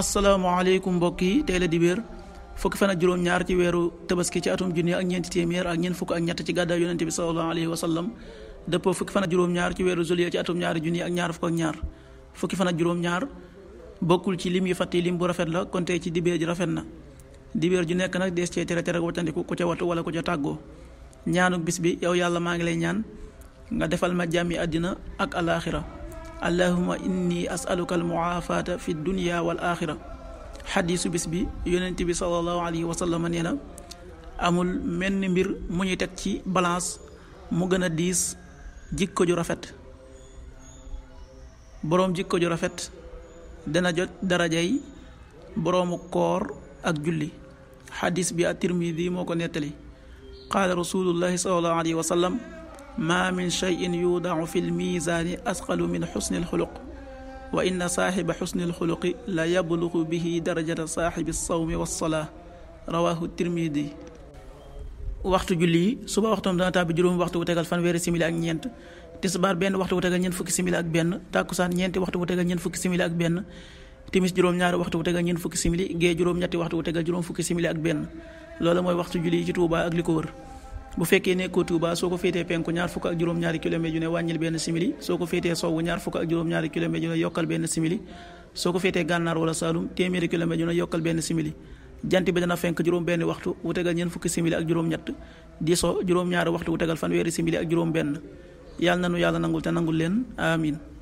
asalaamaaleykum mbokk yi tey la dibéer fukki fan ak juróom-ñaar ci weeru tabaski ci atum junni ak ñeenti téeméer ak ñeent fukk ak ñett ci gàddaay yonente bi salallahu alayhi wa sallam dëppoo fukki fan ak juróom-ñaar ci weeru juillet ci atum ñaari junni ak ñaar fukk ak ñaar fukki fan juróom-ñaar bokkul ci lim yu fàtte lim bu rafet la kon tey ci dibéer ji rafet na dibéer ju nekk nag dees cee tere tere waccandiku ku ca watu wala ku ca tàggoo ñaanu bis bi yow yàlla maa ngi lay ñaan nga defal ma jàmmi àddina ak alaaxira allahuma inni asaluka almuaafata fi dunia wal axira xadiisu bis bi yonent bi salallahu alayhi wa sallam nee na amul menn mbir mu ñu teg ci balance mu gën a diis jikko ju rafet boroom jikko ju rafet dana jot darajay boroomu koor ak julli xadiis bi at tirmidi moo ko nettali qaala rasulullahi salallahu alayhi wa maa min cheyin yuudau fi lmisaani asqalu min xusni alxuluq wa inna saaxiba xusni alxuluqi la yablugu bihi darajata saaxibi sawmi wassolaa rawahu tirmidi waxtu julli suba waxtoom dana tàbbi juróom waxtu wu tegal fanweeri simili ak ñeent tisbaar benn waxtu wu tegal ñeent fukki simili ak benn tàkkusaan ñeenti waxtu wu tegal ñeent fukki simili ak benn timis juróom-ñaari waxtu wu tegal ñeent fukki simili gee juróom-ñetti waxtu wu tegal juróom fukki simili ak benn loolu mooy waxtu julli ci Tuubaa ak li ko wër bu fekkee nekkoo Touba soo ko féetee penku ñaar fukk ak juróom-ñaari kilomètres yu ne wàññil benn simili soo ko féetee sowwu ñaar fukk ak juróom-ñaari kilomètres yu ne yokkal benn simili ko féetee gànnaar wala Saalum téeméeri kilomètres yu ne yokkal jant bi dana fenk juróom benn waxtu wu tegal ñeent fukki simili ak juróom-ñett di so juróom-ñaari waxtu wu tegal fanweeri simili ak juróom benn yàlla na nu yàlla nangul te nangul leen amin